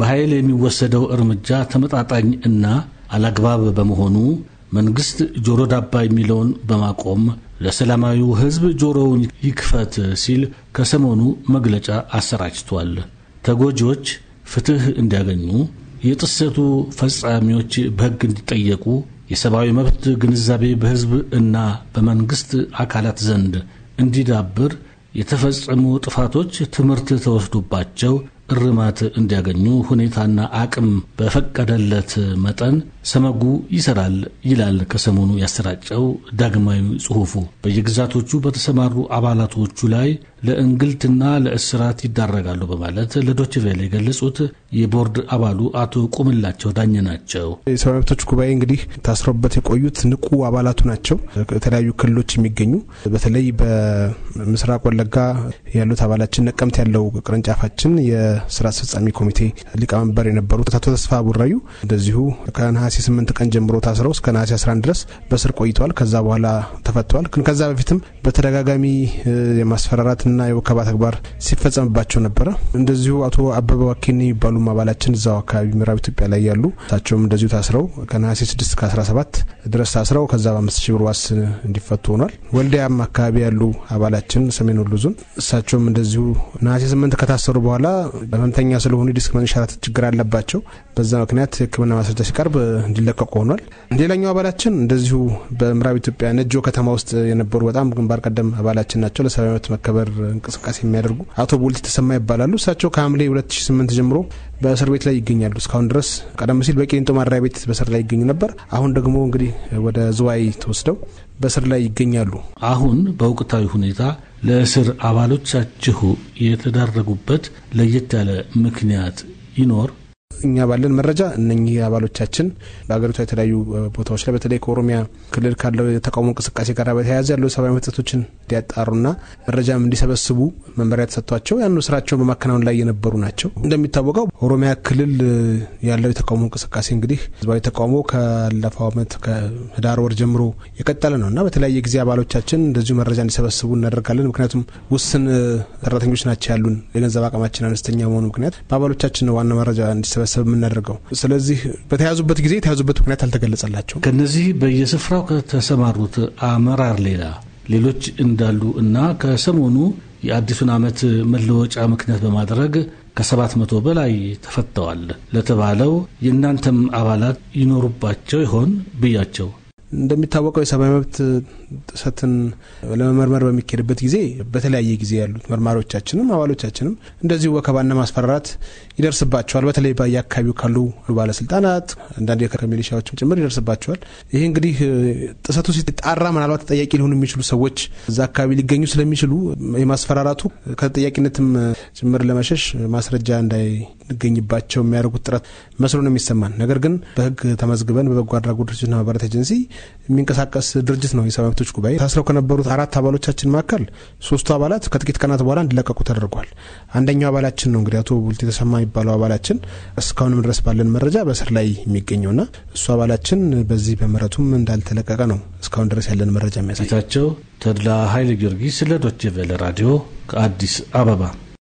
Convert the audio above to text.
በኃይል የሚወሰደው እርምጃ ተመጣጣኝ እና አላግባብ በመሆኑ መንግስት ጆሮ ዳባ የሚለውን በማቆም ለሰላማዊው ሕዝብ ጆሮውን ይክፈት ሲል ከሰሞኑ መግለጫ አሰራጭቷል። ተጎጂዎች ፍትሕ እንዲያገኙ፣ የጥሰቱ ፈጻሚዎች በሕግ እንዲጠየቁ፣ የሰብአዊ መብት ግንዛቤ በሕዝብ እና በመንግስት አካላት ዘንድ እንዲዳብር፣ የተፈጸሙ ጥፋቶች ትምህርት ተወስዶባቸው እርማት እንዲያገኙ ሁኔታና አቅም በፈቀደለት መጠን ሰመጉ ይሰራል ይላል ከሰሞኑ ያሰራጨው ዳግማዊ ጽሑፉ። በየግዛቶቹ በተሰማሩ አባላቶቹ ላይ ለእንግልትና ለእስራት ይዳረጋሉ በማለት ለዶችቬል የገለጹት የቦርድ አባሉ አቶ ቁምላቸው ዳኘ ናቸው። የሰብአዊ መብቶች ጉባኤ እንግዲህ ታስረውበት የቆዩት ንቁ አባላቱ ናቸው። ከተለያዩ ክልሎች የሚገኙ በተለይ በምስራቅ ወለጋ ያሉት አባላችን ነቀምት ያለው ቅርንጫፋችን የስራ አስፈጻሚ ኮሚቴ ሊቀመንበር የነበሩት አቶ ተስፋ ቡራዩ እንደዚሁ ከነሐሴ ከነሐሴ ስምንት ቀን ጀምሮ ታስረው እስከ ነሐሴ 11 ድረስ በስር ቆይተዋል። ከዛ በኋላ ተፈተዋል። ግን ከዛ በፊትም በተደጋጋሚ የማስፈራራትና የወከባ ተግባር ሲፈጸምባቸው ነበረ። እንደዚሁ አቶ አበበ ዋኬኔ የሚባሉም አባላችን እዛው አካባቢ ምዕራብ ኢትዮጵያ ላይ ያሉ እሳቸውም እንደዚሁ ታስረው ከነሐሴ 6 17 ድረስ ታስረው ከዛ በአምስት ሺህ ብር ዋስ እንዲፈቱ ሆኗል። ወልዲያም አካባቢ ያሉ አባላችን ሰሜን ወሎ ዞን እሳቸውም እንደዚሁ ነሐሴ 8 ከታሰሩ በኋላ ህመምተኛ ስለሆኑ ዲስክ መንሸራተት ችግር አለባቸው። በዛ ምክንያት የሕክምና ማስረጃ ሲቀርብ እንዲለቀቁ ሆኗል። ሌላኛው አባላችን እንደዚሁ በምዕራብ ኢትዮጵያ ነጆ ከተማ ውስጥ የነበሩ በጣም ግንባር ቀደም አባላችን ናቸው። ለሰብአዊ መብት መከበር እንቅስቃሴ የሚያደርጉ አቶ ቦልቲ ተሰማ ይባላሉ። እሳቸው ከሐምሌ 2008 ጀምሮ በእስር ቤት ላይ ይገኛሉ። እስካሁን ድረስ ቀደም ሲል በቂሊንጦ ማረሚያ ቤት በእስር ላይ ይገኙ ነበር። አሁን ደግሞ እንግዲህ ወደ ዝዋይ ተወስደው በእስር ላይ ይገኛሉ። አሁን በወቅታዊ ሁኔታ ለእስር አባሎቻችሁ የተዳረጉበት ለየት ያለ ምክንያት ይኖር? እኛ ባለን መረጃ እነኚህ አባሎቻችን በሀገሪቷ የተለያዩ ቦታዎች ላይ በተለይ ከኦሮሚያ ክልል ካለው የተቃውሞ እንቅስቃሴ ጋር በተያያዘ ያለው ሰብአዊ መጠቶችን እንዲያጣሩና መረጃም እንዲሰበስቡ መመሪያ ተሰጥቷቸው ያን ስራቸውን በማከናወን ላይ የነበሩ ናቸው። እንደሚታወቀው ኦሮሚያ ክልል ያለው የተቃውሞ እንቅስቃሴ እንግዲህ ህዝባዊ ተቃውሞ ካለፈው ዓመት ከህዳር ወር ጀምሮ የቀጠለ ነው እና በተለያየ ጊዜ አባሎቻችን እንደዚሁ መረጃ እንዲሰበስቡ እናደርጋለን። ምክንያቱም ውስን ሰራተኞች ናቸው ያሉን የገንዘብ አቅማችን አነስተኛ መሆኑ ምክንያት በአባሎቻችን ዋና መረጃ እንዲሰበ ማህበረሰብ የምናደርገው። ስለዚህ በተያዙበት ጊዜ የተያዙበት ምክንያት አልተገለጸላቸው። ከነዚህ በየስፍራው ከተሰማሩት አመራር ሌላ ሌሎች እንዳሉ እና ከሰሞኑ የአዲሱን ዓመት መለወጫ ምክንያት በማድረግ ከሰባት መቶ በላይ ተፈተዋል ለተባለው የእናንተም አባላት ይኖሩባቸው ይሆን ብያቸው እንደሚታወቀው የሰብአዊ መብት ጥሰትን ለመመርመር በሚካሄድበት ጊዜ በተለያየ ጊዜ ያሉት መርማሪዎቻችንም አባሎቻችንም እንደዚሁ ወከባና ማስፈራራት ይደርስባቸዋል። በተለይ በየአካባቢው ካሉ ባለስልጣናት፣ አንዳንዴ ከሚሊሻዎችም ጭምር ይደርስባቸዋል። ይህ እንግዲህ ጥሰቱ ሲጣራ ምናልባት ተጠያቂ ሊሆኑ የሚችሉ ሰዎች እዛ አካባቢ ሊገኙ ስለሚችሉ የማስፈራራቱ ከተጠያቂነትም ጭምር ለመሸሽ ማስረጃ እንዳይ እንገኝባቸው የሚያደርጉት ጥረት መስሎ ነው የሚሰማን። ነገር ግን በህግ ተመዝግበን በበጎ አድራጎት ድርጅትና ማህበራት ኤጀንሲ የሚንቀሳቀስ ድርጅት ነው የሰብአዊ መብቶች ጉባኤ። ታስረው ከነበሩት አራት አባሎቻችን መካከል ሶስቱ አባላት ከጥቂት ቀናት በኋላ እንዲለቀቁ ተደርጓል። አንደኛው አባላችን ነው እንግዲህ አቶ ቡልት የተሰማ የሚባለው አባላችን እስካሁንም ድረስ ባለን መረጃ በእስር ላይ የሚገኘውና እሱ አባላችን በዚህ በምህረቱም እንዳልተለቀቀ ነው እስካሁን ድረስ ያለን መረጃ የሚያሳይ። ጌታቸው ተድላ ሀይል ጊዮርጊስ ለዶቼ ቬለ ራዲዮ ከአዲስ አበባ